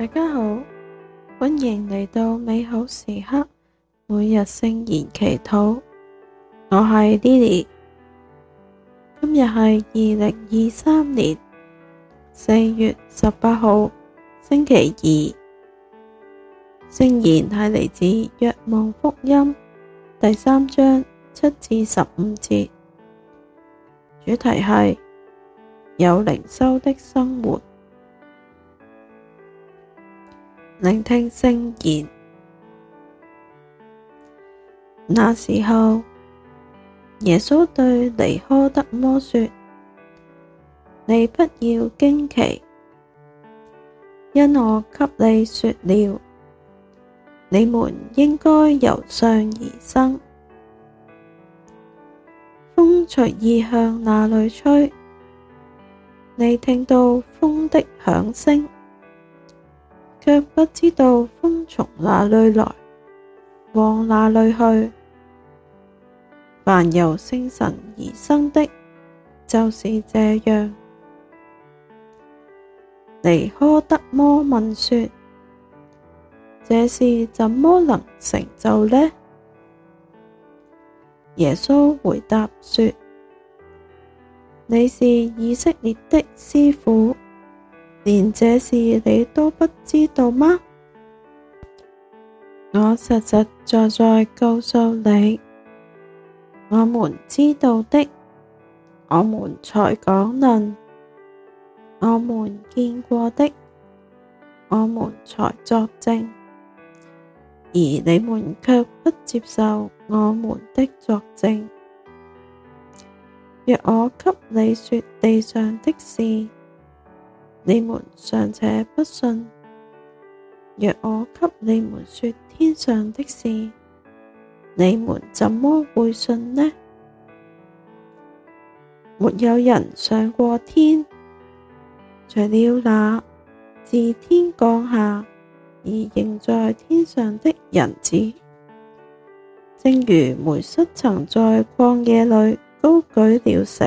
大家好，歡迎嚟到美好時刻每日聖言祈禱。我係 Lily，今日係二零二三年四月十八號星期二，聖言係嚟自《若望福音》第三章七至十五節，主題係有靈修的生活。聆聽聖言。那時候，耶穌對尼苛德摩說：你不要驚奇，因我給你說了，你們應該由上而生。風隨意向那裏吹，你聽到風的響聲。卻不知道風從哪裏來，往哪裏去。凡由聖神而生的，就是這樣。尼苛德摩問說：這事怎麼能成就呢？耶穌回答說：你是以色列的師傅。連這事你都不知道嗎？我實實在在告訴你，我們知道的，我們才講論；我們見過的，我們才作證；而你們卻不接受我們的作證。若我給你說地上的事，你們尚且不信，若我給你們說天上的事，你們怎麼會信呢？沒有人上過天，除了那自天降下而仍在天上的人子，正如梅瑟曾在曠野裏高舉了蛇。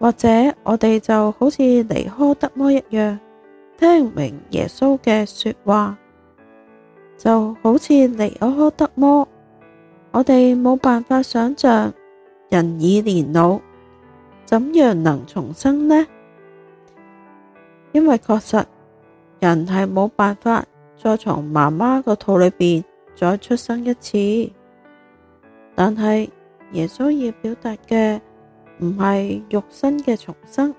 或者我哋就好似尼苛德摩一樣，聽唔明耶穌嘅說話，就好似尼苛德摩，我哋冇辦法想象人已年老，怎樣能重生呢？因為確實人係冇辦法再從媽媽個肚裏邊再出生一次，但係耶穌要表達嘅。唔係肉身嘅重生，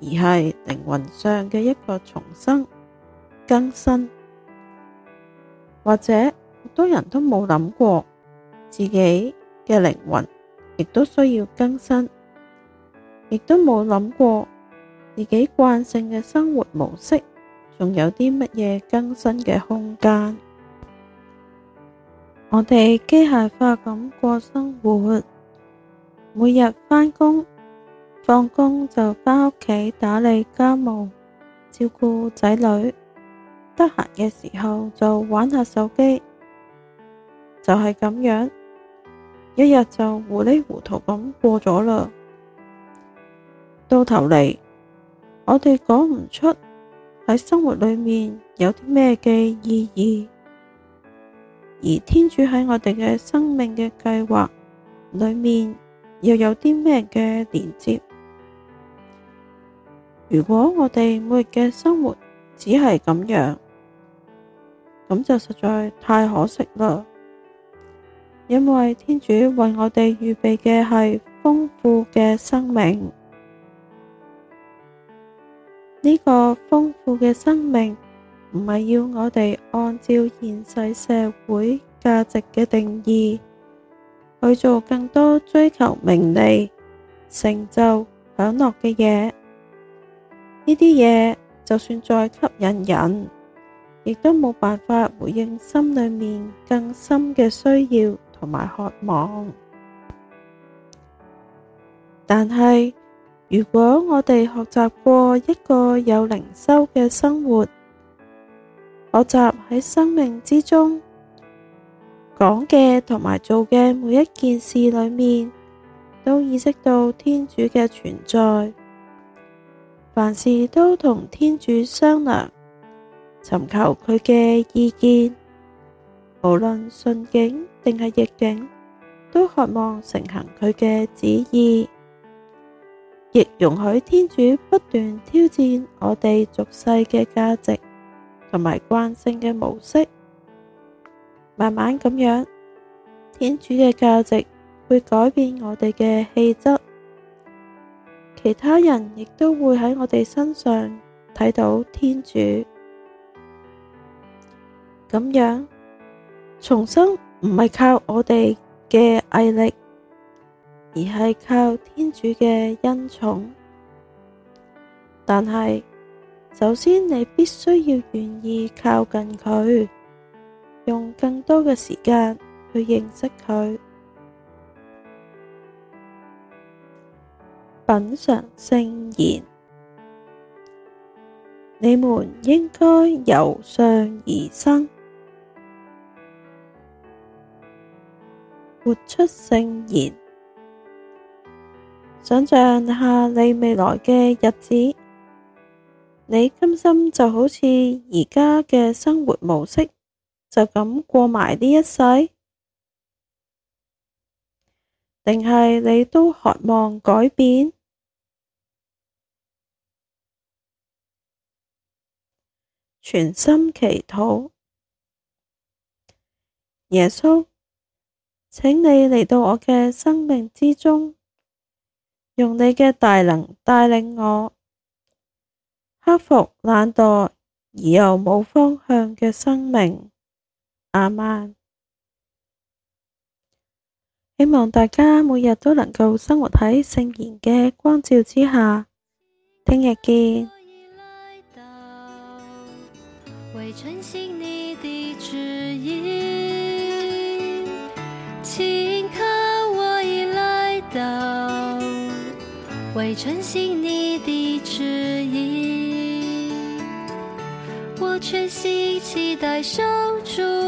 而係靈魂上嘅一個重生更新。或者好多人都冇諗過自己嘅靈魂亦都需要更新，亦都冇諗過自己慣性嘅生活模式仲有啲乜嘢更新嘅空間。我哋機械化咁過生活。每日返工、放工就返屋企打理家務、照顧仔女，得閒嘅時候就玩下手機，就係咁樣，一日就糊裏糊塗咁過咗啦。到頭嚟，我哋講唔出喺生活裏面有啲咩嘅意義，而天主喺我哋嘅生命嘅計劃裏面，又有啲咩嘅連接？如果我哋每日嘅生活只係咁樣，咁就實在太可惜啦！因為天主為我哋預備嘅係豐富嘅生命。呢、這個豐富嘅生命唔係要我哋按照現世社會價值嘅定義。去做更多追求名利、成就、享樂嘅嘢，呢啲嘢就算再吸引人，亦都冇辦法回應心裏面更深嘅需要同埋渴望。但係，如果我哋學習過一個有靈修嘅生活，學習喺生命之中，講嘅同埋做嘅每一件事裏面，都意識到天主嘅存在，凡事都同天主商量，尋求佢嘅意見，無論順境定係逆境，都渴望成行佢嘅旨意，亦容許天主不斷挑戰我哋俗世嘅價值同埋慣性嘅模式。慢慢咁樣，天主嘅價值會改變我哋嘅氣質，其他人亦都會喺我哋身上睇到天主。咁樣重生唔係靠我哋嘅毅力，而係靠天主嘅恩寵。但係首先，你必須要願意靠近佢。用更多嘅時間去認識佢，品嚐聖言。你們應該由上而生，活出聖言。想象下你未來嘅日子，你甘心就好似而家嘅生活模式。就咁過埋呢一世，定係你都渴望改變？全心祈禱，耶穌，請你嚟到我嘅生命之中，用你嘅大能帶領我，克服懶惰而又冇方向嘅生命。阿們，希望大家每日都能夠生活喺聖言嘅光照之下。聽日見。我已來到